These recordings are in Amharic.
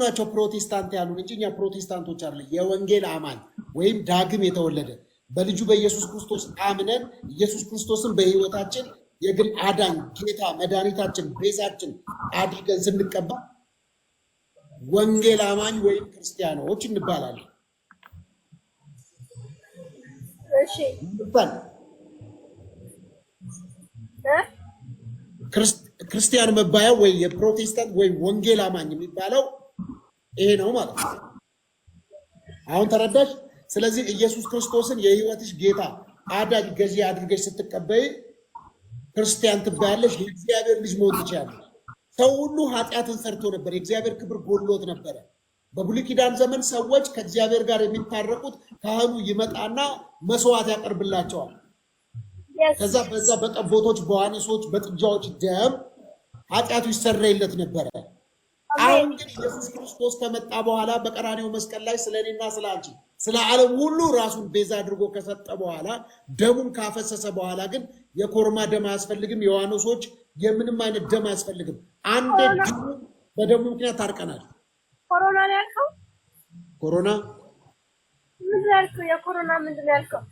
ናቸው ፕሮቴስታንት ያሉን እንጂ እኛ ፕሮቴስታንቶች አይደለም። የወንጌል አማን ወይም ዳግም የተወለደ በልጁ በኢየሱስ ክርስቶስ አምነን ኢየሱስ ክርስቶስን በህይወታችን የግል አዳኝ ጌታ መድኃኒታችን ቤዛችን አድርገን ስንቀባ ወንጌል አማኝ ወይም ክርስቲያኖች እንባላለን። ክርስቲያን መባያ ወይ የፕሮቴስታንት ወይ ወንጌል አማኝ የሚባለው ይሄ ነው ማለት ነው። አሁን ተረዳሽ? ስለዚህ ኢየሱስ ክርስቶስን የህይወትሽ ጌታ አዳጅ ገዢ አድርገሽ ስትቀበይ ክርስቲያን ትባያለሽ። የእግዚአብሔር ልጅ መሆን ትችያለሽ። ሰው ሁሉ ኃጢአትን ሰርቶ ነበር። የእግዚአብሔር ክብር ጎሎት ነበረ። በብሉይ ኪዳን ዘመን ሰዎች ከእግዚአብሔር ጋር የሚታረቁት ካህኑ ይመጣና መስዋዕት ያቀርብላቸዋል። ከዛ በዛ በጠቦቶች፣ በዋኒሶች፣ በጥጃዎች ደም ኃጢአቱ ይሰረይለት ነበረ። አሁን ግን ኢየሱስ ክርስቶስ ከመጣ በኋላ በቀራኔው መስቀል ላይ ስለ እኔና ስለ አንቺ ስለ ዓለም ሁሉ ራሱን ቤዛ አድርጎ ከሰጠ በኋላ ደሙን ካፈሰሰ በኋላ ግን የኮርማ ደም አያስፈልግም። የዋኖሶች የምንም አይነት ደም አያስፈልግም። አንድ በደሙ ምክንያት ታርቀናል። ኮሮና ነው ያልከው። ኮሮና ምንድን ያልከው? የኮሮና ምንድን ያልከው?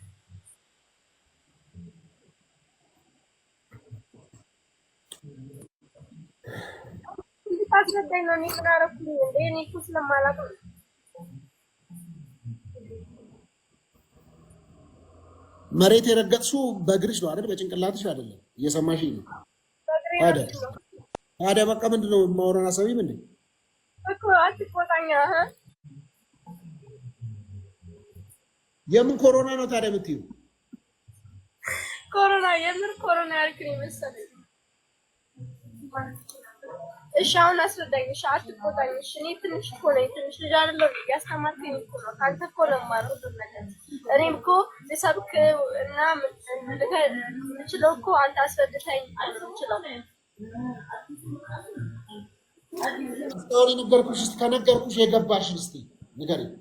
አስረዳኝ ነው። እኔ ምን አደረኩኝ እንዴ? እኔ እኮ ስለማላውቅ ነው። መሬት የረገጥሽው በእግርሽ ነው አይደል? በጭንቅላትሽ አይደለም። እየሰማሽኝ ነው? ታዲያ ታዲያ በቃ ምንድን ነው የማወራውን አሰቢም እንዴ? እኮ አትቆጣኛ። የምን ኮሮና ነው ታዲያ የምትይው? ኮሮና የምር ኮሮና ያልክ ነው እሺ አሁን አስረዳኝ። እሺ አትቆጣኝ። እሺ እኔ ትንሽ እኮ ነኝ፣ ትንሽ ልጅ አይደለሁም። እያስተማርከኝ እኮ ነው። ከአንተ እኮ ነው የማረው ሁሉም እኔም እኮ ልሰብክ እና የምችለው እኮ አንተ አስረድተኝ የምችለው ስቶሪ ነገርኩሽ። ከነገርኩሽ የገባሽን እስኪ ንገሪኝ።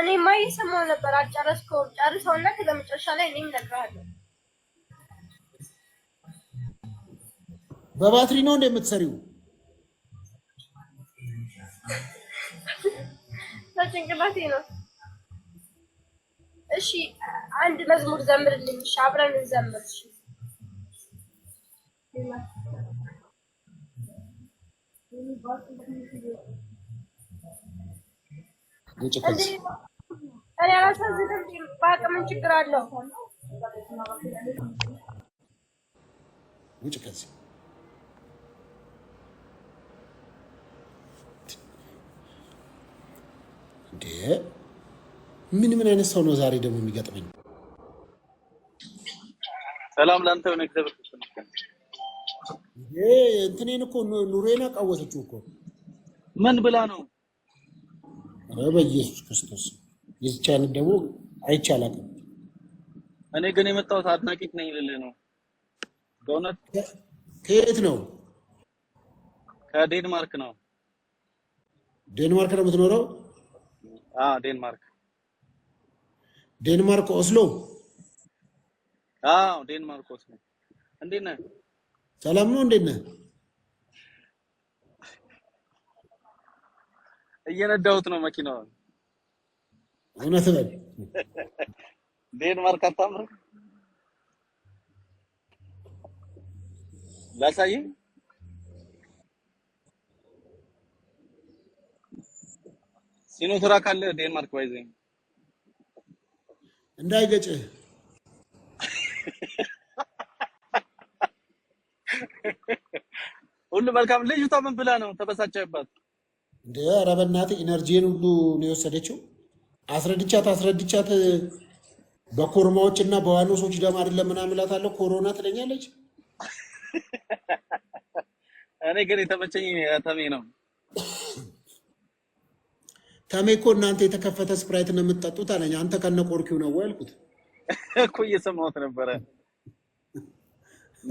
እኔማ እየሰማሁ ነበር፣ አልጨረስከውም። ጨርሰውና ከዛ መጨረሻ ላይ እኔም እነግርሃለሁ በባትሪ ነው እንደምትሰሪው ጭንቅላቴ ነው። እሺ አንድ መዝሙር ዘምርልኝ። እሺ አብረን እንዘምር። እሺ እኔ አላሳዝንም። ችግር አለው ከዚህ ምን ምን አይነት ሰው ነው ዛሬ ደግሞ የሚገጥመኝ? ሰላም ለአንተ ሆነ። እንትኔን እኮ ኑሮዬን አቃወሰችው እኮ። ምን ብላ ነው? ኧረ በኢየሱስ ክርስቶስ የዚቻን ደግሞ አይቻላቅም። እኔ ግን የመጣሁት አድናቂት ነኝ ልልህ ነው። በእውነት ከየት ነው? ከዴንማርክ ነው። ዴንማርክ ነው የምትኖረው? ዴንማርክ ዴንማርክ ኦስሎ። አዎ ዴንማርክ ኦስሎ። እንዴት ነህ? ሰላም ነው። እንዴት ነህ? እየነዳሁት ነው መኪናው እውነት ነው። ዴንማርክ አታምርም? ላሳይህ ሲኖትራ ካለ ዴንማርክ ባይዘ እንዳይገጭ ሁሉ መልካም። ልጅቷ ምን ብላ ነው ተበሳጨህባት? እንደ ኧረ በእናትህ ኢነርጂን ሁሉ ነው የወሰደችው። አስረድቻት አስረድቻት በኮርማዎች እና በዋኖሶች ደም አይደለም ምናምን እላታለሁ። ኮሮና ትለኛለች። እኔ ግን የተመቸኝ ተሜ ነው። ተሜኮ እናንተ የተከፈተ ስፕራይት ነው የምትጠጡት አለኝ። አንተ ከነ ቆርኪው ነው ወይ እኮ እየሰማሁት ነበረ።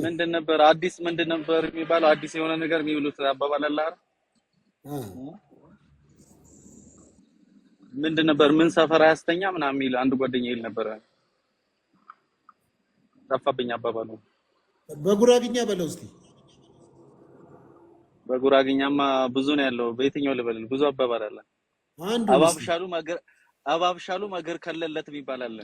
ምንድን ነበር አዲስ ምንድን ነበር የሚባለው አዲስ የሆነ ነገር የሚብሉት አባባል አለ ምንድን ነበር ምን ሰፈር አያስተኛ ምናምን የሚል አንድ ጓደኛ ይል ነበረ። ጠፋብኝ አባባሉ። በጉራግኛ በለው እስኪ። በጉራግኛማ ብዙ ነው ያለው። በየትኛው ልበልል? ብዙ አባባል አለ አባብሻሉ መገር ከለለት ይባላል።